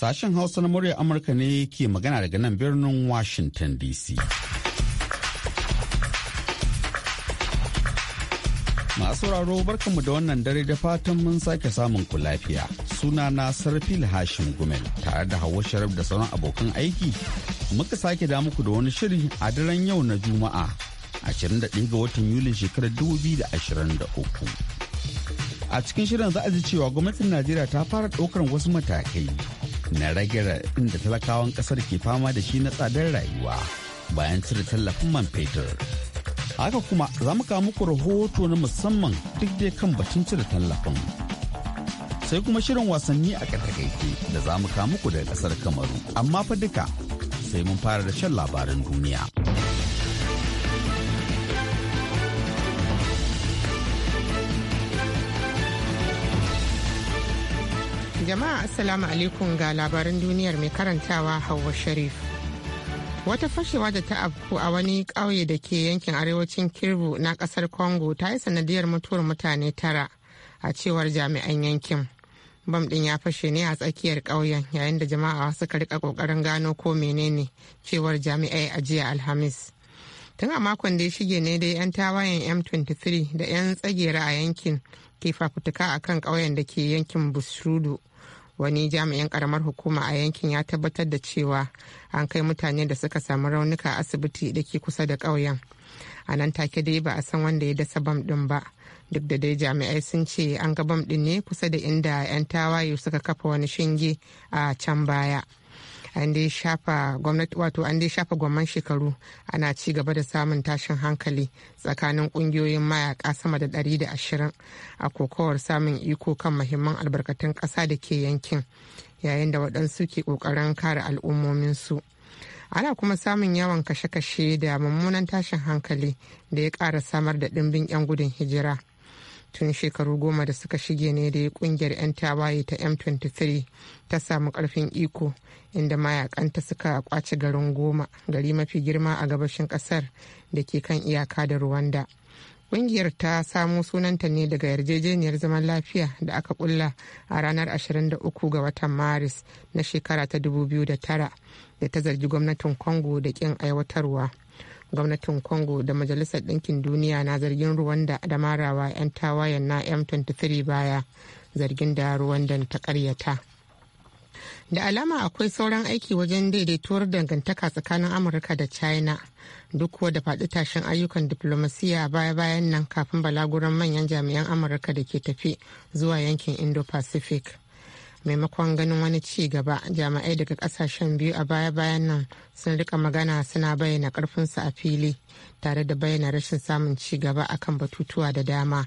Sashen Hausa na murya Amurka ne ke magana daga nan birnin Washington DC. Masu sauraro barkanmu da wannan dare da fatan mun sake samun ku lafiya. Suna na Sarfil Hashim Gumel tare da Hauwa Sharif da sauran abokan aiki. Muka sake da da wani shiri a daren yau na Juma'a 21 ga watan Yulin shekarar 2023. a cikin shirin za a ji cewa gwamnatin najeriya ta fara ɗaukar wasu matakai na rage raɗin da talakawan ƙasar ke fama da shi na tsadar rayuwa bayan cire tallafin man fetur. Haka kuma za mu kawo muku rahoto na musamman duk dai kan batun cire tallafin. Sai kuma shirin wasanni a ƙarƙarƙe da za mu kawo muku daga ƙasar Kamaru, amma fa duka sai mun fara da shan labaran duniya. Jama'a Assalamu alaikum ga labaran duniyar mai karantawa Hauwa Sharif. Wata fashewa da ta afku a wani ƙauye da ke yankin arewacin Kirbu na ƙasar Congo ta yi sanadiyar mutuwar mutane tara a cewar jami'an yankin. Bam ɗin ya fashe ne a tsakiyar ƙauyen yayin da jama'a suka rika ƙoƙarin gano ko menene cewar jami'ai a jiya Alhamis. Tun a makon da ya shige ne dai 'yan tawayen M23 da 'yan tsagera a yankin ke fafutuka a kan ƙauyen da ke yankin busrudu wani jami'in karamar hukuma a yankin ya tabbatar da cewa an kai mutane da suka samu raunuka asibiti da ke kusa da ƙauyen a nan take dai ba a san wanda ya dasa bam ɗin ba duk da dai jami'ai sun ce an ga bam ɗin ne kusa da inda 'yan tawaye suka kafa wani shinge a can baya. an dai shafa gwamnan shekaru ana ci gaba da samun tashin hankali tsakanin kungiyoyin mayaka sama da 120 a kokowar samun iko kan mahimman albarkatun ƙasa da ke yankin yayin da waɗansu ke ƙoƙarin kare al'ummominsu ana kuma samun yawan kashe-kashe da mummunan tashin hankali da ya ƙara samar da ɗimbin 'yan gudun hijira tun shekaru goma da suka shige ne da kungiyar 'yan tawaye ta m23 ta samu karfin iko inda mayakanta suka kwace garin goma gari mafi girma a gabashin kasar da ke kan iyaka da rwanda Ƙungiyar ta samo sunanta ne daga yarjejeniyar zaman lafiya da aka kulla a ranar 23 ga watan Maris na shekara ta 2009 da ta zargi gwamnatin Congo da kin aiwatarwa. gwamnatin congo da majalisar ɗinkin duniya na zargin rwanda da marawa 'yan tawayen na m23 baya zargin da rwandan ta karyata da alama akwai sauran aiki wajen daidaituwar dangantaka tsakanin amurka da china duk da faɗi tashin ayyukan diplomasiya baya bayan nan kafin balaguran manyan jami'an amurka da ke tafi zuwa yankin indo-pacific maimakon ganin wani ci gaba jami'ai daga kasashen biyu a baya-bayan nan sun rika magana suna bayyana karfinsu a fili tare da bayyana rashin samun ci gaba akan batutuwa da dama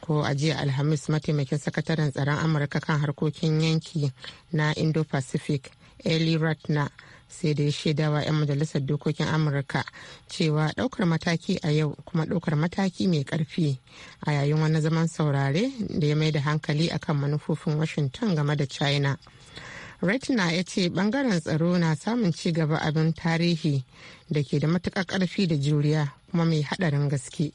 ko a jiya alhamis mataimakin sakataren tsaron amurka kan harkokin yanki na indo-pacific eli ratna sai dai shaidawa 'yan majalisar dokokin amurka cewa daukar mataki a yau kuma daukar mataki mai karfi a yayin wani zaman saurare da ya mai da hankali akan manufofin washington game da china retina ya ce bangaren tsaro na samun ci gaba abin tarihi da ke da matuƙar karfi da juriya kuma mai haɗarin gaske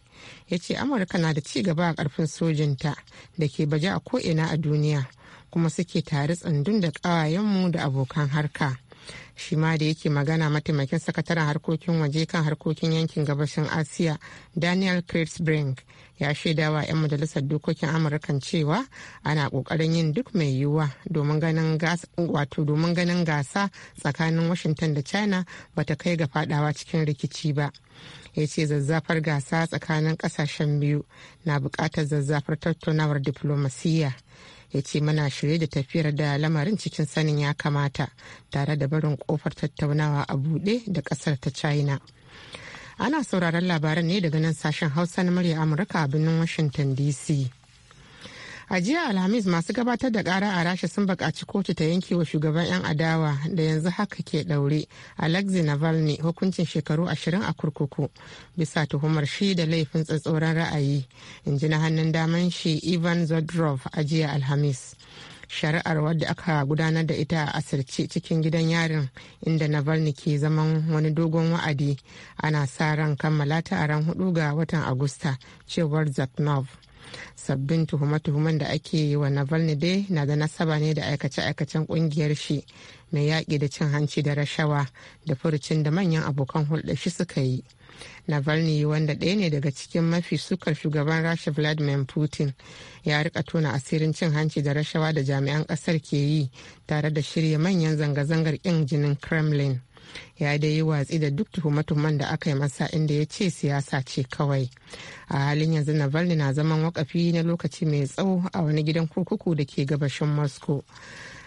ya ce amurka na da ci gaba a ƙarfin sojinta da ke baje a ko'ina a duniya kuma suke tare tsandun da ƙawayenmu da abokan harka shi ma da yake magana mataimakin sakataren harkokin waje kan harkokin yankin gabashin asiya daniel kritzbrink ya shaidawa 'yan majalisar dokokin amurkan cewa ana kokarin yin duk mai yiwuwa domin ganin gasa tsakanin washington da china bata kai ga fadawa cikin rikici ba ya ce zazzafar gasa tsakanin kasashen biyu na bukatar zazzafar tattaunawar diflomasiyya ya ce muna shirye da tafiyar da lamarin cikin sanin ya kamata tare da barin kofar tattaunawa a buɗe da ƙasar ta china ana sauraron labaran ne daga nan sashen hausa na murya amurka a birnin washington dc a jiya alhamis masu gabatar da kara a rasha sun bukaci kotu ta yanke wa shugaban 'yan adawa da yanzu haka ke daure alexei navalny hukuncin shekaru ashirin a kurkuku bisa tuhumar shi da laifin tsatsauran ra'ayi in ji na hannun daman shi ivan zodrov a jiya alhamis shari'ar wadda aka gudanar da ita a asirce cikin gidan yarin inda navalny ke zaman wani dogon wa'adi ana sa ran kammala ta a ran hudu ga watan agusta cewar zaknov sabbin tuhume-tuhumen da ake yi wa navalny dai na da nasaba ne da aikace-aikacen kungiyar shi mai yaƙi da cin hanci da rashawa da furucin da manyan abokan hulɗa shi suka yi navalny wanda ɗaya ne daga cikin mafi sukar shugaban rasha vladimir putin ya rika tona asirin cin hanci da rashawa da jami'an ƙasar ke yi tare da shirya manyan zanga-zangar ƙin jinin kremlin ya dai yi watsi da duk tuhume-tuhumen da aka yi masa inda ya ce siyasa ce kawai a halin yanzu navalny na zaman wakafi na lokaci mai tsawo a wani gidan kurkuku da ke gabashin moscow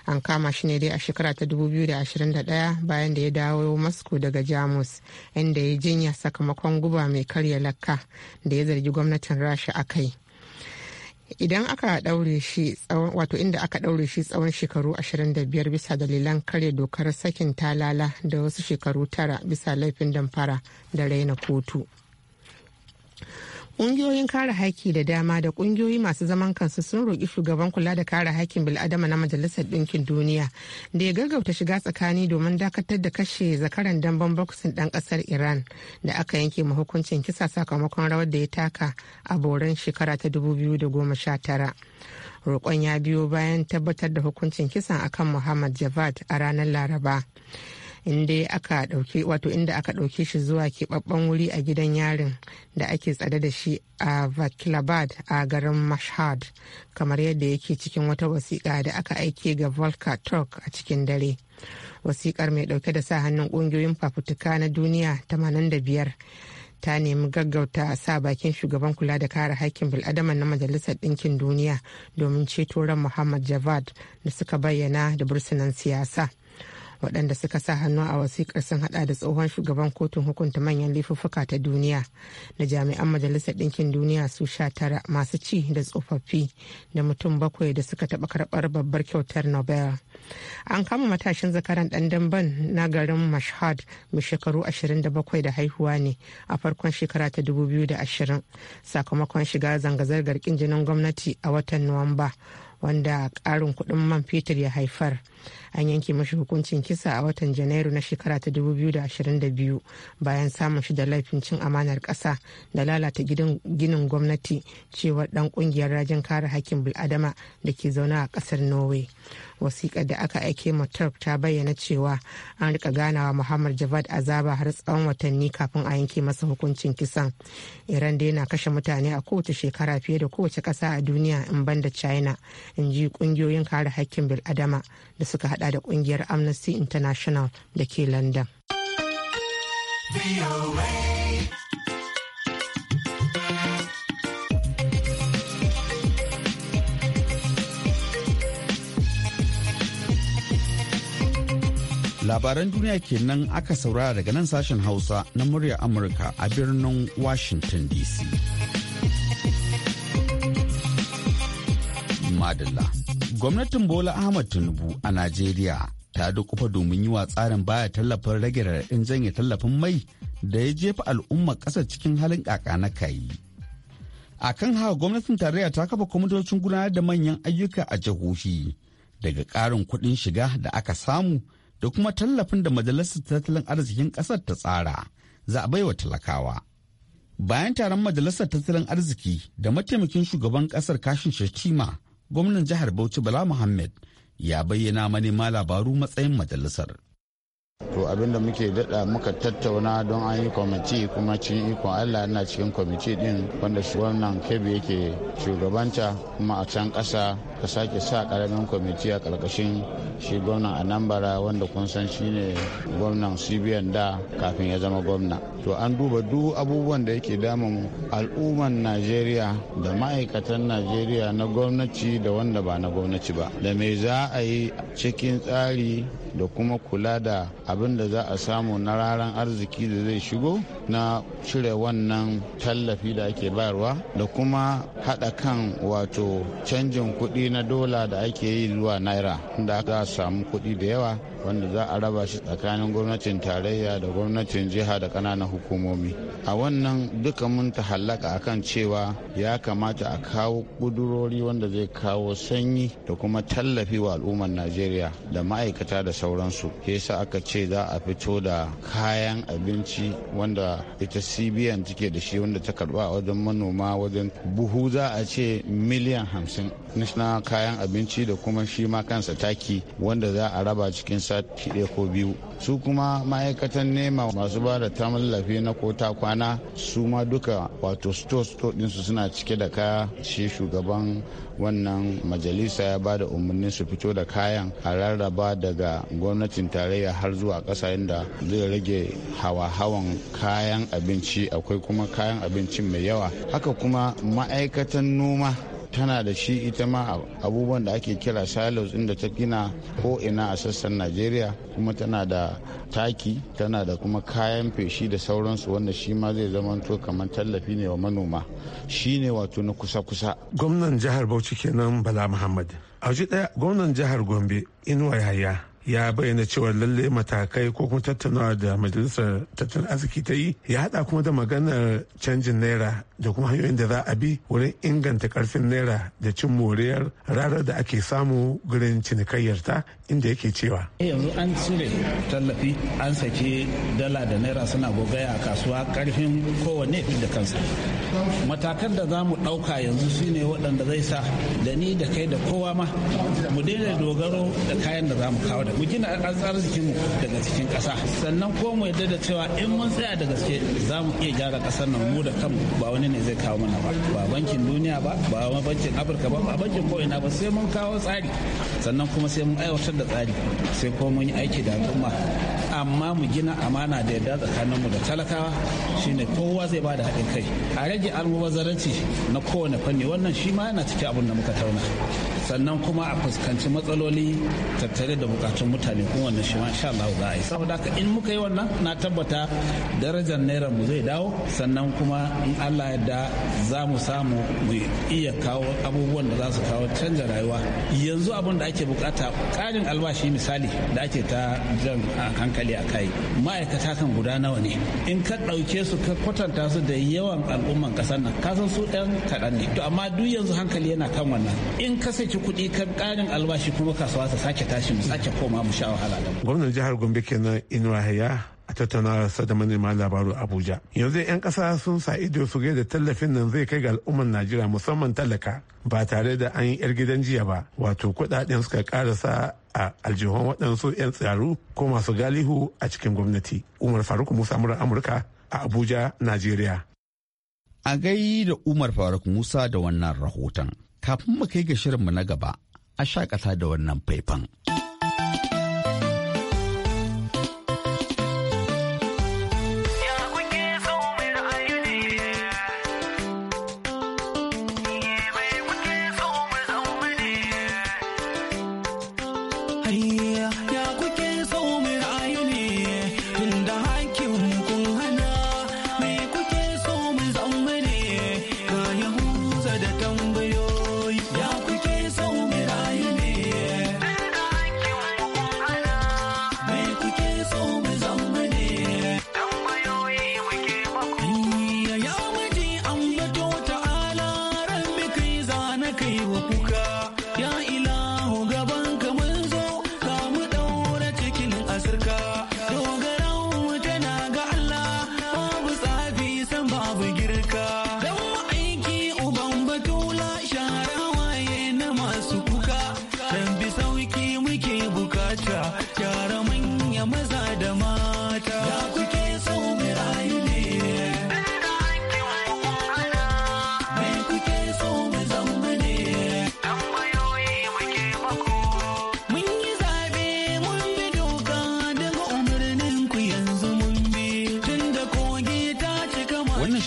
an kama shi ne dai a shekara ta 2021 bayan da ya dawo moscow daga jamus inda ya jinya sakamakon guba mai karya lakka da ya zargi gwamnatin rasha a kai idan aka daure shi wato inda aka daure shi tsawon shekaru 25 bisa dalilan kare dokar sakin talala da wasu shekaru tara bisa laifin damfara da raina kotu Ƙungiyoyin kare haƙƙi da dama da ƙungiyoyi masu zaman kansu sun roƙi shugaban kula da kare haƙƙin bil'adama na Majalisar Ɗinkin Duniya da ya gaggauta shiga tsakani domin dakatar da kashe zakaran damben boxing ɗan ƙasar Iran da aka yanke mahukuncin kisa sakamakon rawar da ya taka a boran shekara ta 2019. Roƙon ya biyo bayan tabbatar da hukuncin kisan akan Muhammad Javad a ranar Laraba. inda aka dauke wato inda aka dauke shi zuwa keɓaɓɓen wuri a gidan yarin da ake tsada da shi a vakilabad a garin mashhad kamar yadda yake cikin wata wasiƙa da aka aike ga volka turk a cikin dare wasiƙar mai dauke da sa hannun ƙungiyoyin fafutuka na duniya da biyar ta nemi gaggauta sa bakin shugaban kula da kare haƙƙin bil'adama na majalisar ɗinkin duniya domin ceto ran muhammad javad da suka bayyana da bursunan siyasa waɗanda suka sa hannu a wasikar sun hada da tsohon shugaban kotun hukunta manyan laifuka ta duniya da jami'an majalisar ɗinkin duniya su sha tara masu ci da tsofaffi da mutum bakwai da suka taɓa karɓar babbar kyautar nobel an kama matashin zakaran ɗan damben na garin mashhad mai shekaru ashirin da bakwai da haihuwa ne a farkon shekara ta 2020 sakamakon shiga zanga-zangar ƙin jinin gwamnati a watan nuwamba wanda ƙarin kuɗin man fetur ya haifar an yanke mashi hukuncin kisa a watan janairu na shekara ta 2022 bayan samun shi da laifin cin amanar kasa da lalata ginin gwamnati cewa dan kungiyar rajin kare hakkin bil'adama da ke zaune a ƙasar norway wasiƙar da aka aike ma turk ta bayyana cewa an rika ganawa muhammad javad azaba har tsawon watanni kafin a yanke masa hukuncin kisan iran dai na kashe mutane a kowace shekara fiye da kowace ƙasa a duniya in banda china in ji ƙungiyoyin kare hakkin bil'adama da suka hada da kungiyar amnesty international da ke london labaran duniya kenan aka saurara daga nan sashen hausa na murya amurka a birnin washington dc madalla gwamnatin bola ahmad tinubu a najeriya ta dukufa domin yi wa tsarin baya tallafin rage raɗaɗin janye tallafin mai da ya jefa al'umma ƙasar cikin halin ƙaƙa na kayi a kan haka gwamnatin tarayya ta kafa kwamitocin gudanar da manyan ayyuka a jihohi daga ƙarin kuɗin shiga da aka samu da kuma tallafin da majalisar tattalin arzikin ƙasar ta tsara za a baiwa talakawa bayan taron majalisar tattalin arziki da mataimakin shugaban ƙasar kashin shatima gwamnan jihar bauchi bala muhammad ya bayyana manema labaru matsayin majalisar to abinda muke dada muka tattauna don an yi kwamiti kuma cikin ikon allah yana cikin kwamiti din wanda wannan kebe yake shugabanta kuma a can kasa ka sake sa karamin kwamiti a karkashin shi gwamnan anambra wanda kun san shine gwamnan cbn da kafin ya zama gwamna to an duba duk abubuwan da yake damun al'umman najeriya da ma'aikatan najeriya na gwamnati da wanda ba na gwamnati ba da me za a yi cikin tsari da kuma kula da abin da za a samu na raran arziki da zai shigo na cire wannan tallafi da ake bayarwa da kuma haɗa kan wato canjin kuɗi na dola da ake yi zuwa naira da aka samu kuɗi da yawa wanda za a raba shi tsakanin gwamnatin tarayya da gwamnatin jiha da ƙananan hukumomi a wannan duka mun ta hallaka akan cewa ya kamata a kawo ƙudurori wanda zai kawo sanyi da kuma tallafi wa al'ummar najeriya da ma'aikata da sauransu yasa aka ce za a fito da kayan abinci wanda ita cbn take da shi wanda ta karba a wajen manoma wajen buhu za a ce miliyan hamsin na kayan abinci da kuma shi ma kansa taki wanda za a raba cikin sati ɗaya ko biyu su kuma ma'aikatan nema masu ba da tallafi na kota kwana su ma duka wato store store ɗinsu suna suna cike da kaya shi shugaban wannan majalisa ya ba da umarnin su fito da kayan a rarraba daga gwamnatin tarayya har zuwa ƙasashen da zai rage hawa-hawan kayan abinci akwai kuma kayan abinci mai yawa haka kuma ma'aikatan noma tana da shi ita ma abubuwan da ake kira silos inda ta gina ko ina a sassan najeriya kuma tana da taki tana da kuma kayan feshi da sauransu wanda shi ma zai zama to kamar tallafi ne wa manoma shi ne wato na kusa-kusa gwamnan jihar bauchi kenan bala muhammad a ɗaya gwamnan jihar gombe inuwa yaya ya bayyana cewa lalle matakai ko kuma tattaunawa da majalisar tattalin arziki ta yi ya hada kuma da maganar canjin naira da kuma hanyoyin da za a bi wurin inganta karfin naira da cin moriyar rarar da ake samu gurin cinikayyar ta inda yake cewa eh, yanzu an cire tallafi an sake dala da naira suna gogaya a kasuwa karfin kowanne da kansa matakan da za mu ɗauka yanzu shine waɗanda zai sa da ni da kai da kowa ma mu daina dogaro da kayan da za mu kawo da mu gina tsarin mu daga cikin ƙasa sannan ko mu yarda da cewa in mun tsaya da gaske za mu iya gyara ƙasar nan mu da kanmu ba wani ne zai kawo mana ba ba bankin duniya ba ba bankin afirka ba ba bankin ko ina ba sai mun kawo tsari sannan kuma sai mun aiwatar da tsari sai ko mun yi aiki da al'umma amma mu gina amana da yadda tsakanin mu da talakawa shine kowa zai ba da haɗin kai a rage almubazzaranci na kowane fanni wannan shi ma yana cikin abin da muka tauna sannan kuma a fuskanci matsaloli tattare da bukatun mutane kuma wannan shi ma insha Allah za a yi saboda haka in muka yi wannan na tabbata darajar naira mu zai dawo sannan kuma in Allah yadda za mu samu mu iya kawo abubuwan da za su kawo canja rayuwa yanzu abin da ake bukata karin albashi misali da ake ta jan hankali hankali a kai ma'aikata kan guda nawa ne in ka ɗauke su ka kwatanta su da yawan al'umman ƙasar nan ka san su ɗan kaɗan ne to amma duk yanzu hankali yana kan wannan in ka saki kuɗi ka ƙarin albashi kuma kasuwa ta sake tashi mu sake koma mu sha wahala da gwamnan jihar gombe kenan inuwa ya a tattaunawarsa da manema labaru abuja yanzu 'yan ƙasa sun sa ido su da tallafin nan zai kai ga al'ummar najeriya musamman talaka ba tare da an yi 'yar gidan jiya ba wato kuɗaɗen suka ƙarasa a aljihun waɗansu 'yan tsaro ko masu galihu a cikin gwamnati umar faruk musa murar amurka a abuja najeriya a gai da umar faruk musa da wannan rahoton kafin mu kai ga shirinmu na gaba a shakata da wannan faifan. Ayya.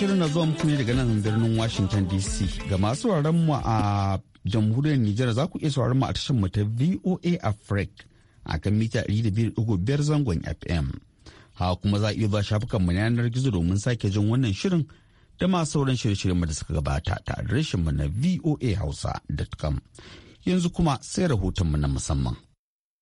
shirin na zuwa muku ne daga nan birnin Washington DC. Ga masu sauraron mu a jamhuriyar Nijar za ku iya sauraron mu a tashar mu ta VOA Africa a kan mita 200.5 zangon FM. Hawa kuma za a iya ba shafukan mu na yanar gizo domin sake jin wannan shirin da masu sauran shirye-shiryen mu da suka gabata ta adireshin mu na voahausa.com. Yanzu kuma sai rahoton mu na musamman.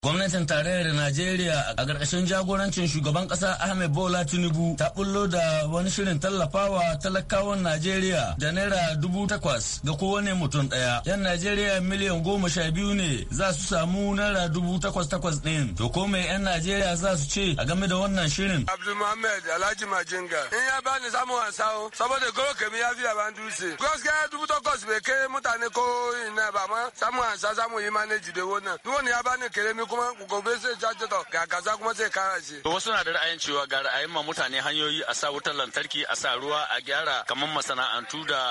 Gwamnatin tarayyar Najeriya a ƙarƙashin jagorancin shugaban ƙasa Ahmed Bola Tinubu ta bullo da wani shirin tallafawa talakawan Najeriya da naira dubu takwas ga kowane mutum ɗaya. Yan Najeriya miliyan goma sha biyu ne za su samu naira dubu takwas takwas ɗin. To ko mai 'yan Najeriya za su ce a game da wannan shirin? Abdul Muhammad Alhaji Majinga. In ya ni samun wasa saboda goro kemi ya a ban dutse. Gaskiya dubu takwas bai kai mutane ko ina ba ma samun wasa samun yi maneji da wannan. Duk wani ya bani kere mi ko kuma gobe zai ja da ga kaza kuma zai kara shi. Wasu na da ra'ayin cewa ga ra'ayin ma mutane hanyoyi a sa wutar lantarki a sa ruwa a gyara kamar masana'antu da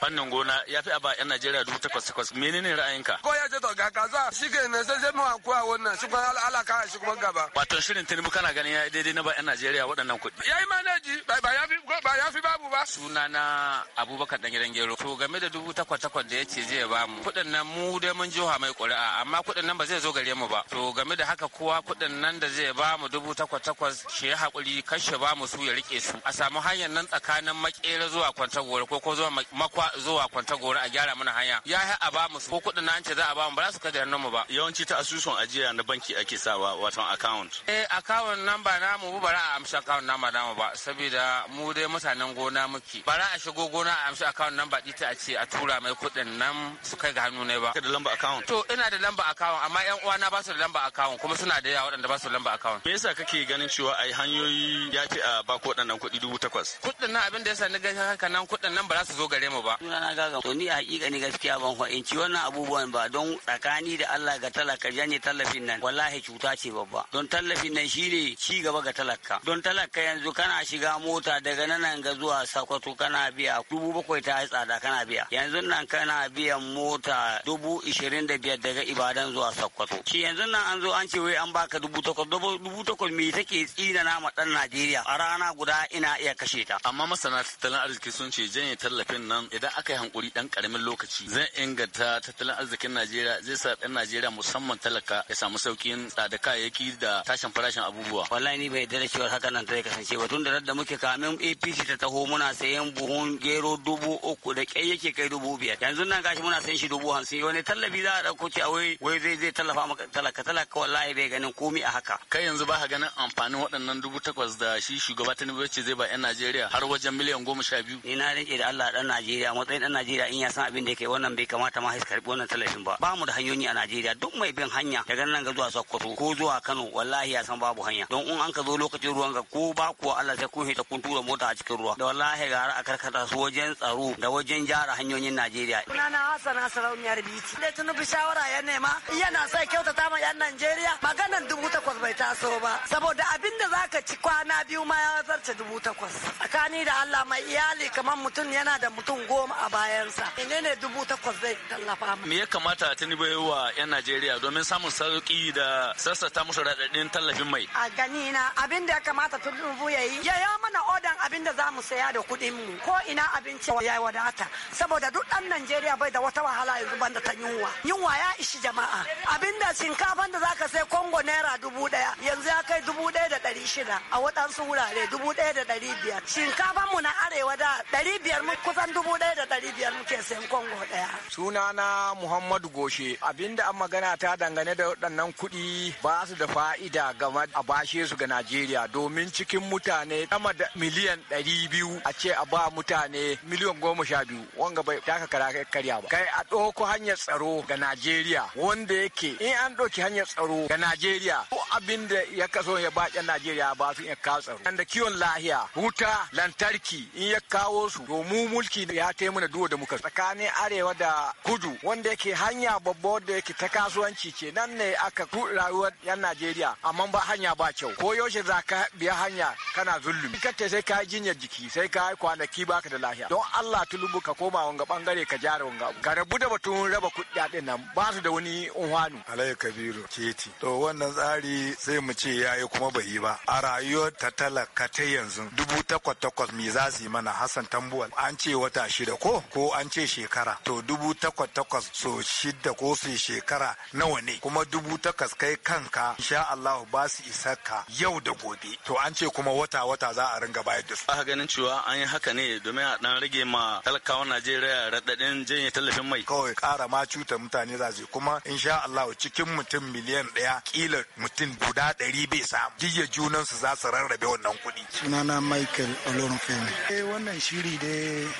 fannin gona ya fi a 'yan Najeriya dubu takwas takwas menene ra'ayinka? Ko ya ce ga kaza shi ke ne sai zai mawa a wannan shi kuma ala kara shi kuma gaba. Wato shirin Tinubu kana ganin ya daidai na ba 'yan Najeriya waɗannan kuɗi. Ya yi manaji ba ya fi babu ba. Sunana Abubakar dan gidan gero. To game da dubu takwas takwas da ya ce zai ba mu kuɗin nan mu dai mun jiha mai ƙuri'a amma kuɗin nan ba zai zo gare mu ba. To game da haka kowa kuɗin nan da zai ba mu dubu takwas takwas shi ya haƙuri kashe ba mu su ya rike su a samu hanyar nan tsakanin makera zuwa kwantagora ko ko zuwa makwa zuwa kwantagora a gyara mana hanya ya yi a ba mu su ko kuɗin nan ce za a ba mu ba za su kada hannun mu ba yawanci ta asusun ajiya na banki ake sawa wato account eh account number namu ba za a amshi account number namu ba saboda mu dai mutanen gona muke za a shigo gona a amshi account number dita a ce a tura mai kuɗin nan su kai ga hannu ne ba da lamba account to ina da lamba account amma yan uwana ba su da lamba lamba account kuma suna da yawa waɗanda ba su lamba account me yasa kake ganin cewa ai hanyoyi ya ce a ba ku waɗannan kuɗi dubu takwas kuɗin nan abin da yasa ni ganin haka nan kuɗin nan ba za su zo gare mu ba na gaga to ni a hakika ni gaskiya ban fahimci wannan abubuwan ba don tsakani da Allah ga talaka janye tallafin nan wallahi cuta ce babba don tallafin nan shine ci gaba ga talaka don talaka yanzu kana shiga mota daga nan ga zuwa sakwato kana biya dubu bakwai ta yi tsada kana biya yanzu nan kana biyan mota dubu ishirin da biyar daga Ibadan zuwa sakwato shi yanzu nan an zo an ce wai an baka dubu takwas dubu takwas me take tsina na ma dan Najeriya a rana guda ina iya kashe ta amma masana tattalin arziki sun ce janye tallafin nan idan aka yi hankuri dan karamin lokaci zai inganta tattalin arzikin Najeriya zai sa dan Najeriya musamman talaka ya samu saukin tsada kayayyaki da tashin farashin abubuwa wallahi ni bai da cewa haka nan ta kasance ba tun da da muke kamin APC ta taho muna sayan buhun gero dubu uku da kai yake kai dubu biyar yanzu nan gashi muna sayan shi dubu hamsin wani tallafi za a dauko ce a wai wai zai zai tallafa maka talaka ka wallahi bai ganin komi a haka kai yanzu ba ganin amfanin waɗannan dubu takwas da shi shugaba tinubu ce zai ba yan najeriya har wajen miliyan goma sha biyu ni na rike da allah dan najeriya matsayin dan najeriya in ya san abin da yake wannan bai kamata ma su karbi wannan talafin ba ba mu da hanyoyi a najeriya duk mai bin hanya daga nan ga zuwa sokoto ko zuwa kano wallahi ya san babu hanya don in an ka zo lokacin ruwan ga ko ba kuwa allah sai kun hita kun tura mota a cikin ruwa da wallahi ga a karkata su wajen tsaro da wajen gyara hanyoyin najeriya sunana hassan hasarauniyar biti da tunubu shawara ya nema yana sai kyautata ma yan Najeriya maganan dubu takwas bai taso ba saboda abin da zaka ci kwana biyu ma ya zarce dubu takwas tsakani da Allah mai iyali kamar mutum yana da mutum goma a bayansa ne dubu takwas zai tallafa ma. me ya kamata Tinubu ya wa 'yan Najeriya domin samun sauki da sassata musu radadin tallafin mai a gani na abin da ya kamata Tinubu ya yi ya mana odan abin da za mu saya da kuɗin mu ko ina abinci ya wadata saboda duk ɗan Najeriya bai da wata wahala yanzu banda ta yunwa yunwa ya ishi jama'a abin da shinkafan za ka sai kongo naira dubu daya yanzu ya kai dubu daya da dari shida a waɗansu wurare dubu daya da dari biyar shinkafan mu na arewa da dari biyar mu kusan dubu daya da dari biyar muke sayan kongo daya. sunana muhammadu goshe abinda an magana ta dangane da waɗannan kuɗi ba su da fa'ida game a bashe su ga najeriya domin cikin mutane sama da miliyan ɗari biyu a ce a ba mutane miliyan goma sha biyu wanga bai taka kara karya ba kai a ɗauko hanyar tsaro ga najeriya wanda yake in an ɗauki hanyar tsaro ga Najeriya ko abin da ya kaso ya ba Najeriya ba su iya kawo tsaro. Da kiwon lahiya, Wuta, lantarki in ya kawo su to mu mulki ya ta na duwa da muka tsakanin arewa da kudu wanda yake hanya babba da yake ta kasuwanci ce nan ne aka rayuwar yan Najeriya amma ba hanya ba kyau ko yaushe za ka biya hanya kana zulumi kata sai ka jinyar jiki sai ka kwanaki baka da lahiya don Allah tulubu ka koma wanga bangare ka jara wanga ka rabu da batun raba kuɗaɗen nan ba su da wani unhwanu. alayya kabiru society to wannan tsari sai mu ce ya yi kuma bai yi ba a rayuwar ta talaka ta yanzu dubu takwas takwas me za su yi mana hassan tambuwal an ce wata shida ko ko an ce shekara to dubu takwas takwas so shida ko su shekara nawa ne kuma dubu takwas kai kanka insha Allah ba su isa ka yau da gobe to an ce kuma wata wata za a ringa bayar da su aka ganin cewa an yi haka ne domin a dan rage ma talakawan Najeriya radadin janye tallafin mai kawai kara ma cuta mutane za su kuma insha Allah cikin mutum miliyan miliyan ɗaya kila mutum guda ɗari bai samu jiya junansu za su rarrabe wannan kuɗi. sunana michael olorunfemi eh wannan shiri da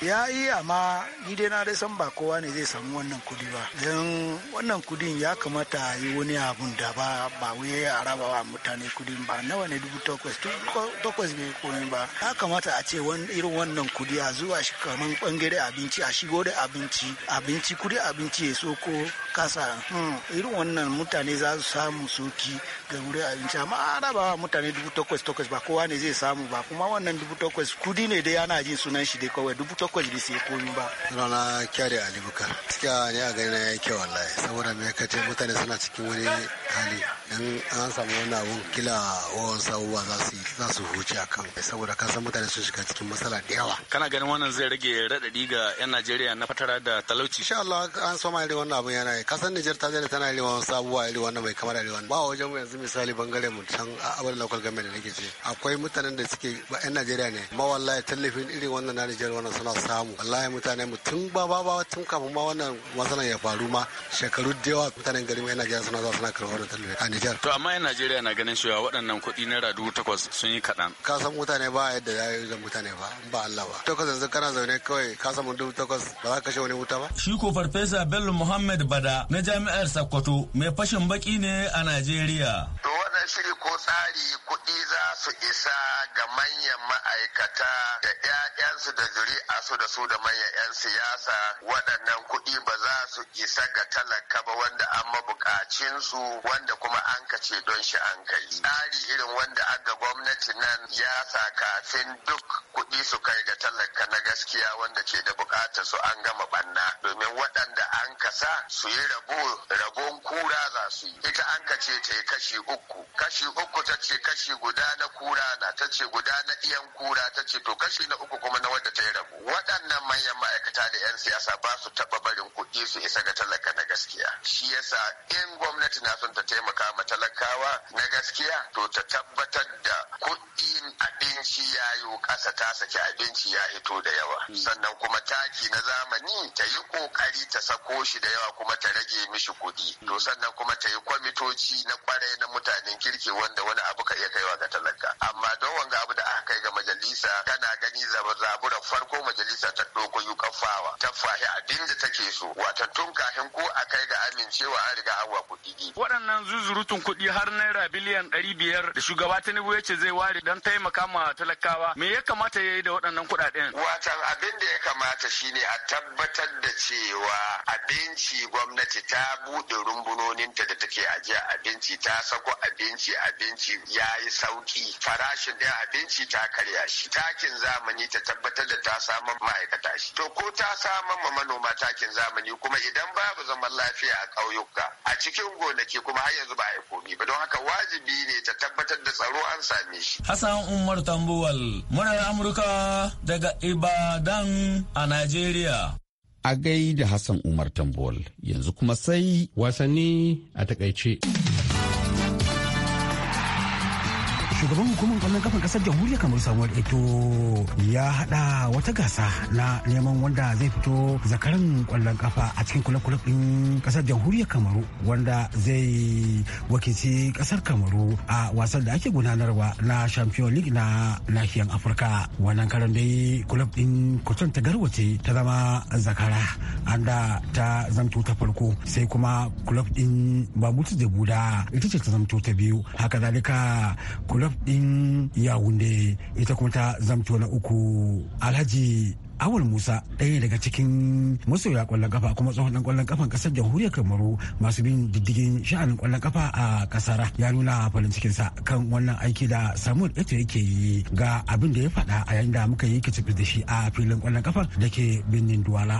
ya yi amma ni dai na dai san ba kowa ne zai samu wannan kudi ba don wannan kuɗin ya kamata a yi wani abun da ba ba wai a raba wa mutane kuɗin ba nawa ne dubu takwas takwas bai komi ba ya kamata a ce irin wannan kudi a zuwa shi kamar bangare abinci a shigo da abinci abinci kuɗi abinci ya soko kasa hmm. irin wannan mutane za su samu soki ga wurin abinci amma an raba mutane dubu takwas takwas ba kowa ne zai samu ba kuma wannan dubu takwas kudi ne dai yana jin sunan shi dai kawai dubu takwas bai sai komi ba. rana kyari Ali Bukar. Gaskiya ne a gani na ya kyau wallahi saboda me ka ce mutane suna cikin wani hali in an samu wani abu kila wawan sabuwa za su za su huce akan saboda ka san mutane sun shiga cikin matsala da yawa. Kana ganin wannan zai rage raɗaɗi ga 'yan Najeriya na fatara da talauci. Insha Allah an soma irin wannan abu yana kasan Nijar ta zai tana irin wani sabuwa irin wani mai kamar irin wani ba wajen mu yanzu misali bangare mu can abin local government da nake ce akwai mutanen da suke ba yan Najeriya ne ma wallahi tallafin irin wannan na Nijar wannan suna samu wallahi mutane mu tun ba ba ba tun kafin ma wannan masanan ya faru ma shekaru da yawa mutanen garin yan Najeriya suna zuwa suna karɓar da tallafi a Nijar to amma yan Najeriya na ganin cewa waɗannan kuɗi na radu takwas sun yi kaɗan ka san mutane ba yadda ya yi mutane ba ba Allah ba takwas yanzu kana zaune kawai ka samu dubu takwas ba za ka kashe wani wuta ba shi ko farfesa Bello Muhammad Bada na Jami'ar Sokoto mai fashin baki ne a Najeriya. To wannan shiri ko tsari kuɗi za su isa ga manyan ma'aikata da 'ya'yansu da zuri'asu da su da manyan 'yan siyasa waɗannan kuɗi ba za su isa ga talaka ba wanda an su wanda kuma an kace don shi an kai. Tsari irin wanda aga gwamnati nan ya sa kafin duk kuɗi su kai ga talaka na gaskiya wanda ke da bukatar su an gama ɓanna, domin waɗanda an kasa su yi rabon kura za su yi ita an ka ce ta yi kashi uku kashi uku ta ce kashi guda na kura na ta ce guda na iyan kura ta ce to kashi na uku kuma na wadda ta yi rabu waɗannan manyan ma'aikata da 'yan siyasa ba su taɓa barin kuɗi su isa ga talaka na gaskiya shi yasa in gwamnati na son ta taimaka ma talakawa na gaskiya to ta tabbatar da kuɗin abinci ya yi ƙasa ta saki abinci ya hito da yawa hmm. sannan kuma taki na zamani ta yi ƙoƙari ta sako shi da yawa kuma ta rage mishi kuɗi to sannan kuma ta yi kwamitoci na kwarai na mutanen kirki wanda wani abu ka iya kaiwa ga talaka amma don wanga abu da aka kai ga majalisa tana gani zaburar farko majalisa ta ɗauko yi kafawa ta fahi abin da take so wata tun kafin ko a kai ga amincewa a riga an kuɗi waɗannan zuzurutun kuɗi har naira biliyan ɗari biyar da shugaba tinubu ya ce zai ware don taimaka ma talakawa me ya kamata ya yi da waɗannan kuɗaɗen watan abin da ya kamata shine a tabbatar da cewa abinci gwamnati gwamnati ta bude rumbunoninta da take ajiya abinci ta sako abinci abinci ya yi sauki farashin da abinci ta karya shi takin zamani ta tabbatar da ta samar ma'aikata shi to ko ta samar ma manoma takin zamani kuma idan babu zaman lafiya a ƙauyuka a cikin gonaki kuma har yanzu ba a yi komi ba don haka wajibi ne ta tabbatar da tsaro an same shi. Hassan Umar Tambuwal, murar Amurka daga Ibadan a Najeriya. a gaida Hassan Umar Tambol yanzu kuma sai wasanni a takaice. shugaban hukumar kwallon kafar kasar jamhuriyar kamar samuwar eto ya hada wata gasa na neman wanda zai fito zakaran kwallon kafa a cikin kula-kula din kasar jamhuriyar kamaru wanda zai wakilci kasar kamaru a wasan da ake gudanarwa na champion league na nahiyar afirka wannan karan dai kulab din kuton ta garwace ta zama zakara anda ta zamto ta farko sai kuma kulab din babutu da ita ce ta zamto ta biyu haka zalika kulab ɗin yawunde ita kuma ta zamto na uku alhaji awal musa ɗaya daga cikin masoya kwallon kafa kuma tsohon dan kwallon kafan kasar jamhuriyar kamaru masu bin diddigin sha'anin kwallon kafa a kasar ya nuna farin cikin sa kan wannan aiki da samuel eto yake yi ga abin da ya faɗa a yayin da muka yi kicin da shi a filin kwallon kafa da ke birnin duwala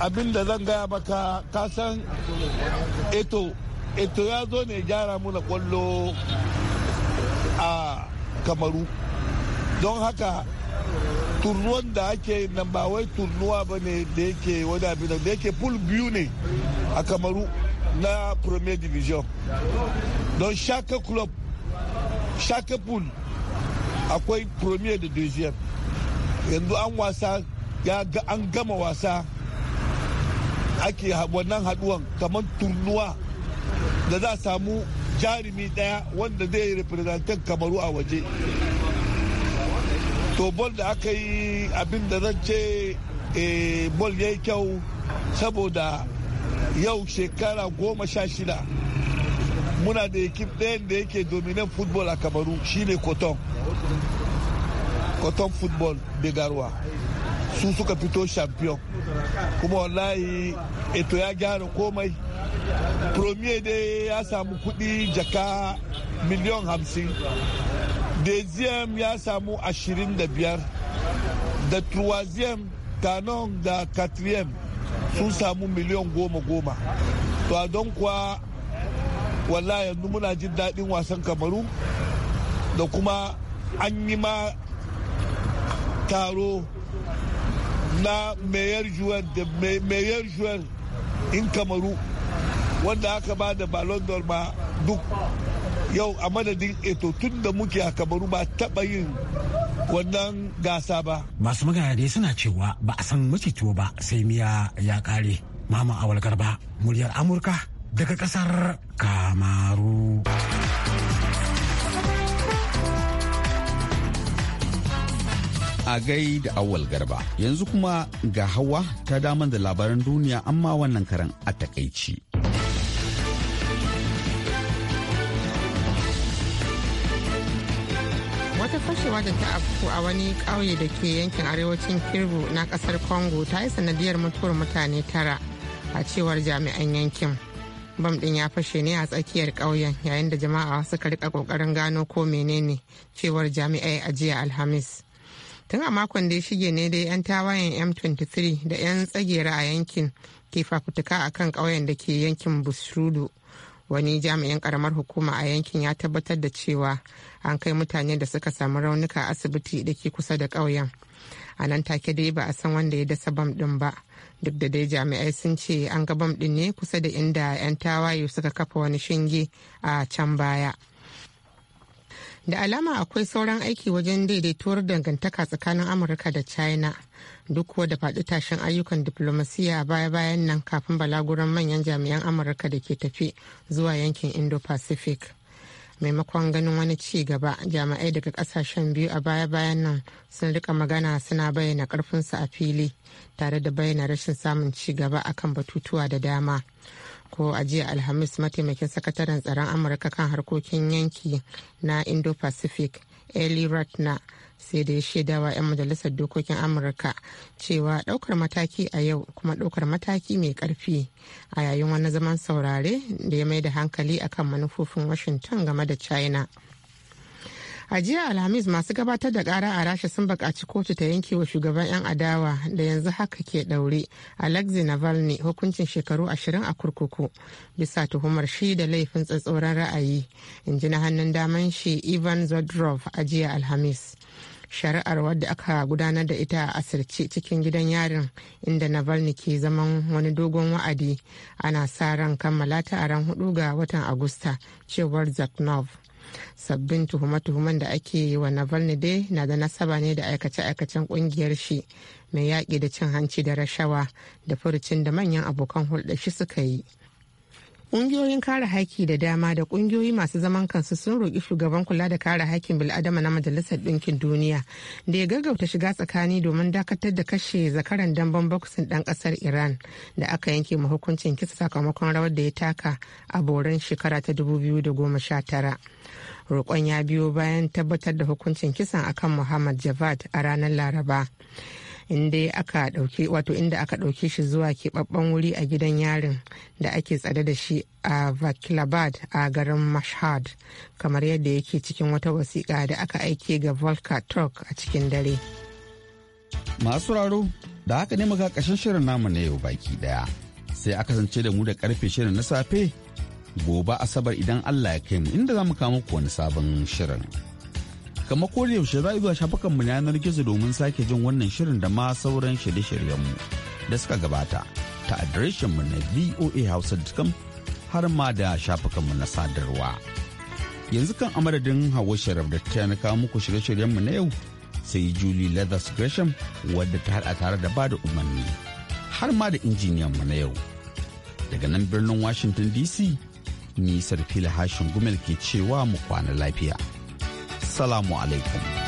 abin da zan gaya maka san eto eto ya zo ne gyara mu na kwallo a kamaru don haka turnuwan da ake nan ba wai turnuwa ba ne da yake wani abin da yake pool biyu ne a kamaru na premier division don shaka club shaka pool akwai premier da deuxième yanzu an wasa ya an gama wasa ake wannan haduwan kamar turnuwa da za a samu jarumi daya wanda zai representan kamaru a waje to bol da aka yi abin da zan ce eh, bol ya yi kyau saboda yau shekara goma sha shida muna da ekip ɗayan da yake dominan football a kamaru shine cotton cotton football da garuwa su suka fito champion kuma wallahi eto ya gyara komai premier dai ya samu kudi jaka miliyan hamsin deuxième ya samu ashirin da biyar da troisième tanon da quatrième sun samu miliyan goma goma to a don kuwa wallahi yanzu muna jin daɗin wasan kamaru da kuma an yi ma taro na mayor juwel in kamaru wanda aka ba da ballon d'or ba duk yau a madadin eto tun da muke a kabaru ba taba yin wannan gasa ba. Masu magana dai suna cewa ba a san macituwa ba sai miya ya kare. Mama Awal Garba, muryar Amurka daga kasar Kamaru. A gai da Awal Garba, yanzu kuma ga hawa ta daman da labaran duniya amma wannan karan a takaici. wata fashewa da ta afku a wani ƙauye da ke yankin arewacin kirbu na ƙasar congo ta yi sanadiyar mutuwar mutane tara a cewar jami'an yankin bam ɗin ya fashe ne a tsakiyar ƙauyen yayin da jama'a suka rika ƙoƙarin gano ko menene cewar jami'ai a jiya alhamis tun a makon da ya shige ne dai 'yan tawayen m23 da 'yan tsagera a yankin ke fafutuka akan kan ƙauyen da ke yankin busrudu wani jami'in karamar hukuma a yankin ya tabbatar da cewa an kai mutane da suka samu raunuka asibiti da ke kusa da ƙauyen a nan take dai ba a san wanda ya dasa bam ɗin ba duk da dai jami'ai sun ce an ga bam ɗin ne kusa da inda 'yan tawaye suka kafa wani shinge a can baya. da alama akwai sauran aiki wajen daidaituwar dangantaka tsakanin amurka da china duk kuwa da faɗi tashin ayyukan diplomasiya baya-bayan nan kafin balaguran manyan jami'an amurka da ke tafi zuwa yankin indo-pacific maimakon ganin wani ci gaba jami'ai daga kasashen biyu a baya-bayan nan sun rika magana suna bayyana karfinsu a fili tare da bayyana rashin samun ci gaba akan batutuwa da dama ko a jiya Alhamis mataimakin sakataren tsaron Amurka kan harkokin yanki na Indo-Pacific Eli Ratna sai da ya shaidawa 'yan majalisar dokokin Amurka cewa ɗaukar mataki a yau kuma ɗaukar mataki mai karfi a yayin wani zaman saurare da ya mai da hankali akan manufofin Washington game da China. a jiya alhamis masu gabatar da kara a rasha sun bukaci kotu ta yanke wa shugaban 'yan adawa da yanzu haka ke daure alexei navalny hukuncin shekaru ashirin a kurkuku bisa tuhumar shi da laifin tsatsoron ra'ayi in ji na hannun daman shi ivan zodrov a jiya alhamis shari'ar wadda aka gudanar da ita a asirce cikin gidan yarin inda navalny ke zaman wani dogon wa'adi ana sa ran kammala ta a ran hudu ga watan agusta cewar zaknov sabbin tuhume-tuhumen da ake yi wa navalny dai na da nasaba ne da aikace-aikacen kungiyar shi mai yaƙi da cin hanci da rashawa da furucin da manyan abokan hulɗar shi suka yi Ƙungiyoyin kare haƙƙi da dama da ƙungiyoyi masu zaman kansu sun roƙi shugaban kula da kare haƙƙin bil'adama na Majalisar Ɗinkin Duniya da ya gaggauta shiga tsakani domin dakatar da kashe zakaran damben boxing ɗan ƙasar Iran da aka yanke ma hukuncin kisa sakamakon rawar da ya taka a boran shekara ta 2019. Roƙon ya biyo bayan tabbatar da hukuncin kisan akan Muhammad Javad a ranar Laraba. inda aka dauke wato inda aka dauke shi zuwa keɓaɓɓen wuri a gidan yarin da ake tsada da shi a vakilabad a garin mashhad kamar yadda yake cikin wata wasiƙa da aka aike ga volker turk a cikin dare masu raro da haka ne muka ƙarshen shirin namu na yau baki daya sai aka kasance da mu da karfe shirin na safe gobe asabar idan allah ya kai mu inda za mu kawo wani sabon shirin. Kama ko yaushe za a zuwa shafukan mu yanar gizo domin sake jin wannan shirin da ma sauran shirye-shiryen mu da suka gabata ta adireshin mu na voahausa.com har ma da shafukan mu na sadarwa. Yanzu kan amadadin hawa Sharaf da ta kawo muku shirye-shiryen mu na yau sai Julie Leathers Gresham wadda ta haɗa tare da bada umarni har ma da injiniyan mu na yau. Daga nan birnin Washington DC, ni Sarfila Hashin Gumel ke cewa mu kwana lafiya. Salamu alaikum.